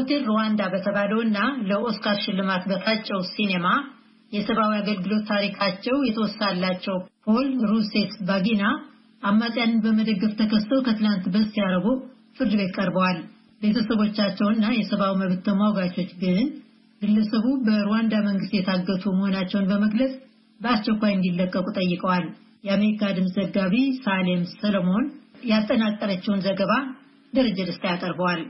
ሆቴል ሩዋንዳ በተባለው እና ለኦስካር ሽልማት በታጨው ሲኔማ የሰብአዊ አገልግሎት ታሪካቸው የተወሳላቸው ፖል ሩሴት ባጊና አማጽያንን በመደገፍ ተከሰው ከትላንት በስቲያ ረቡዕ ፍርድ ቤት ቀርበዋል። ቤተሰቦቻቸውና የሰብአዊ መብት ተሟጋቾች ግን ግለሰቡ በሩዋንዳ መንግስት የታገቱ መሆናቸውን በመግለጽ በአስቸኳይ እንዲለቀቁ ጠይቀዋል። የአሜሪካ ድምፅ ዘጋቢ ሳሌም ሰለሞን ያጠናቀረችውን ዘገባ ደረጀ ደስታ ያቀርበዋል።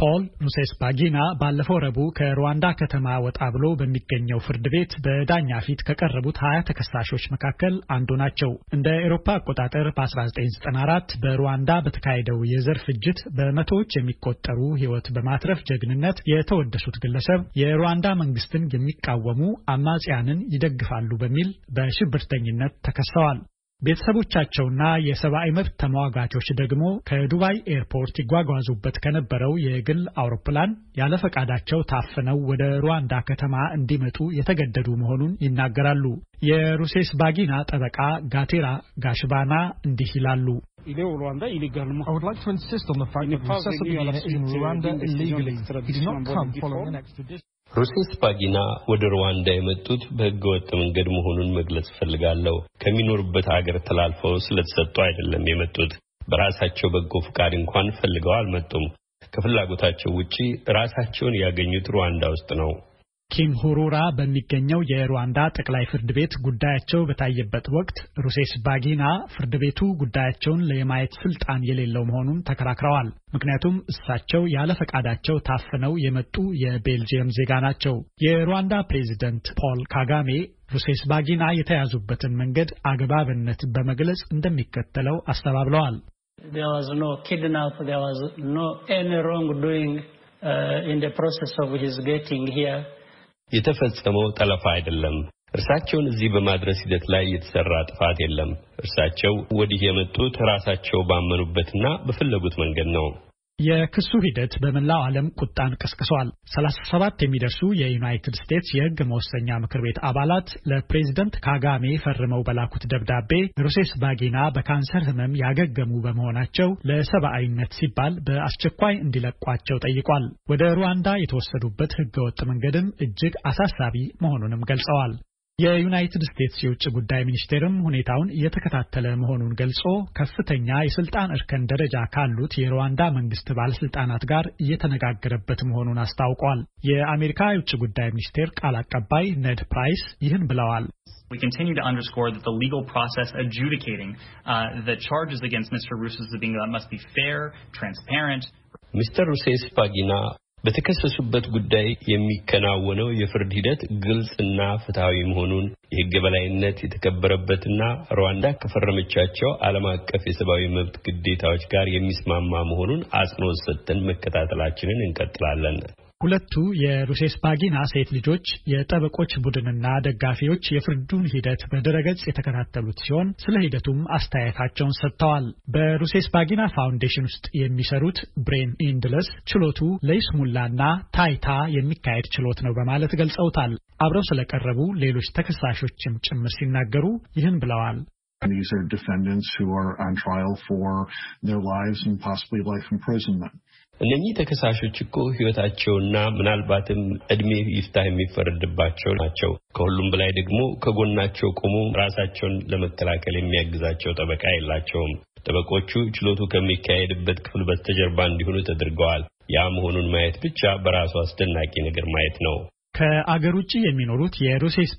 ፖል ሩሴስባጊና ባለፈው ረቡዕ ከሩዋንዳ ከተማ ወጣ ብሎ በሚገኘው ፍርድ ቤት በዳኛ ፊት ከቀረቡት ሀያ ተከሳሾች መካከል አንዱ ናቸው። እንደ ኤሮፓ አቆጣጠር በ1994 በሩዋንዳ በተካሄደው የዘር ፍጅት በመቶዎች የሚቆጠሩ ሕይወት በማትረፍ ጀግንነት የተወደሱት ግለሰብ የሩዋንዳ መንግስትን የሚቃወሙ አማጽያንን ይደግፋሉ በሚል በሽብርተኝነት ተከሰዋል። ቤተሰቦቻቸውና የሰብአዊ መብት ተሟጋቾች ደግሞ ከዱባይ ኤርፖርት ይጓጓዙበት ከነበረው የግል አውሮፕላን ያለፈቃዳቸው ታፍነው ወደ ሩዋንዳ ከተማ እንዲመጡ የተገደዱ መሆኑን ይናገራሉ። የሩሴስ ባጊና ጠበቃ ጋቴራ ጋሽባና እንዲህ ይላሉ። ስፓጊና ወደ ሩዋንዳ የመጡት በሕገ ወጥ መንገድ መሆኑን መግለጽ እፈልጋለሁ። ከሚኖሩበት አገር ተላልፈው ስለተሰጡ አይደለም የመጡት። በራሳቸው በጎ ፈቃድ እንኳን ፈልገው አልመጡም። ከፍላጎታቸው ውጪ ራሳቸውን ያገኙት ሩዋንዳ ውስጥ ነው። ኪም ሁሩራ በሚገኘው የሩዋንዳ ጠቅላይ ፍርድ ቤት ጉዳያቸው በታየበት ወቅት ሩሴስ ባጊና ፍርድ ቤቱ ጉዳያቸውን ለማየት ስልጣን የሌለው መሆኑን ተከራክረዋል። ምክንያቱም እሳቸው ያለ ፈቃዳቸው ታፍነው የመጡ የቤልጅየም ዜጋ ናቸው። የሩዋንዳ ፕሬዚደንት ፖል ካጋሜ ባጊና የተያዙበትን መንገድ አግባብነት በመግለጽ እንደሚከተለው አስተባብለዋል። ኪድናፕ was የተፈጸመው ጠለፋ አይደለም። እርሳቸውን እዚህ በማድረስ ሂደት ላይ የተሰራ ጥፋት የለም። እርሳቸው ወዲህ የመጡት ራሳቸው ባመኑበትና በፈለጉት መንገድ ነው። የክሱ ሂደት በመላው ዓለም ቁጣን ቀስቅሷል። 37 የሚደርሱ የዩናይትድ ስቴትስ የሕግ መወሰኛ ምክር ቤት አባላት ለፕሬዝደንት ካጋሜ ፈርመው በላኩት ደብዳቤ ሩሴስ ባጊና በካንሰር ሕመም ያገገሙ በመሆናቸው ለሰብአዊነት ሲባል በአስቸኳይ እንዲለቋቸው ጠይቋል። ወደ ሩዋንዳ የተወሰዱበት ሕገወጥ መንገድም እጅግ አሳሳቢ መሆኑንም ገልጸዋል። የዩናይትድ ስቴትስ የውጭ ጉዳይ ሚኒስቴርም ሁኔታውን እየተከታተለ መሆኑን ገልጾ ከፍተኛ የስልጣን እርከን ደረጃ ካሉት የሩዋንዳ መንግስት ባለስልጣናት ጋር እየተነጋገረበት መሆኑን አስታውቋል። የአሜሪካ የውጭ ጉዳይ ሚኒስቴር ቃል አቀባይ ነድ ፕራይስ ይህን ብለዋል። We continue to underscore that the legal process adjudicating uh, the charges against Mr. Rusesabagina uh, must be fair, transparent. Mr. Rusesabagina በተከሰሱበት ጉዳይ የሚከናወነው የፍርድ ሂደት ግልጽና ፍትሐዊ መሆኑን የሕግ በላይነት የተከበረበትና ሩዋንዳ ከፈረመቻቸው ዓለም አቀፍ የሰብአዊ መብት ግዴታዎች ጋር የሚስማማ መሆኑን አጽንኦት ሰጥተን መከታተላችንን እንቀጥላለን። ሁለቱ የሩሴስፓጊና ሴት ልጆች የጠበቆች ቡድንና ደጋፊዎች የፍርዱን ሂደት በድረገጽ የተከታተሉት ሲሆን ስለ ሂደቱም አስተያየታቸውን ሰጥተዋል። በሩሴስ ባጊና ፋውንዴሽን ውስጥ የሚሰሩት ብሬን ኢንድለስ ችሎቱ ለይስሙላና ታይታ የሚካሄድ ችሎት ነው በማለት ገልጸውታል። አብረው ስለቀረቡ ሌሎች ተከሳሾችም ጭምር ሲናገሩ ይህን ብለዋል። These are defendants who are on trial for their lives and possibly life imprisonment. እነኚህ ተከሳሾች እኮ ህይወታቸውና ምናልባትም እድሜ ይፍታ የሚፈረድባቸው ናቸው። ከሁሉም በላይ ደግሞ ከጎናቸው ቆሞ ራሳቸውን ለመከላከል የሚያግዛቸው ጠበቃ የላቸውም። ጠበቆቹ ችሎቱ ከሚካሄድበት ክፍል በስተጀርባ እንዲሆኑ ተደርገዋል። ያ መሆኑን ማየት ብቻ በራሱ አስደናቂ ነገር ማየት ነው። ከአገር ውጭ የሚኖሩት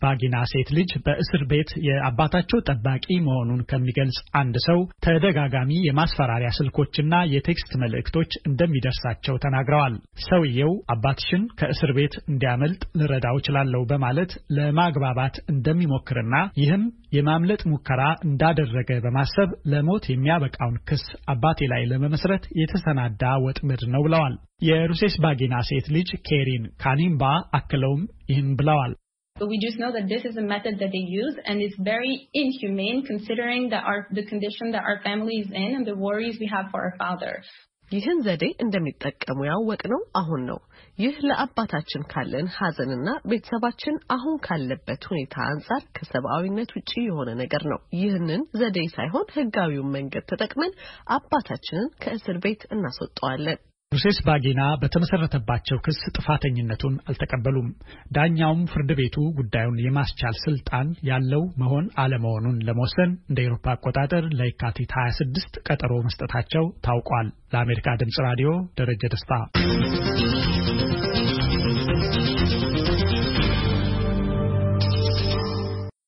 ባጊና ሴት ልጅ በእስር ቤት የአባታቸው ጠባቂ መሆኑን ከሚገልጽ አንድ ሰው ተደጋጋሚ የማስፈራሪያ ስልኮችና የቴክስት መልእክቶች እንደሚደርሳቸው ተናግረዋል። ሰውየው አባትሽን ከእስር ቤት እንዲያመልጥ ልረዳው እችላለሁ በማለት ለማግባባት እንደሚሞክርና ይህም የማምለጥ ሙከራ እንዳደረገ በማሰብ ለሞት የሚያበቃውን ክስ አባቴ ላይ ለመመስረት የተሰናዳ ወጥመድ ነው ብለዋል። የሩሴስ ባጊና ሴት ልጅ ኬሪን ካኒምባ አክለውም ይህን ብለዋል። we just know that this is a method that they use and it's very inhumane considering that our, the condition that our family is in and the worries we have for our father. ይህን ዘዴ እንደሚጠቀሙ ያወቅ ነው አሁን ነው። ይህ ለአባታችን ካለን ሐዘንና ቤተሰባችን አሁን ካለበት ሁኔታ አንጻር ከሰብአዊነት ውጪ የሆነ ነገር ነው። ይህንን ዘዴ ሳይሆን ሕጋዊውን መንገድ ተጠቅመን አባታችንን ከእስር ቤት እናስወጣዋለን። ሩሴስ ባጌና በተመሰረተባቸው ክስ ጥፋተኝነቱን አልተቀበሉም። ዳኛውም ፍርድ ቤቱ ጉዳዩን የማስቻል ስልጣን ያለው መሆን አለመሆኑን ለመወሰን እንደ ኤሮፓ አቆጣጠር ለየካቲት 26 ቀጠሮ መስጠታቸው ታውቋል። ለአሜሪካ ድምፅ ራዲዮ ደረጀ ደስታ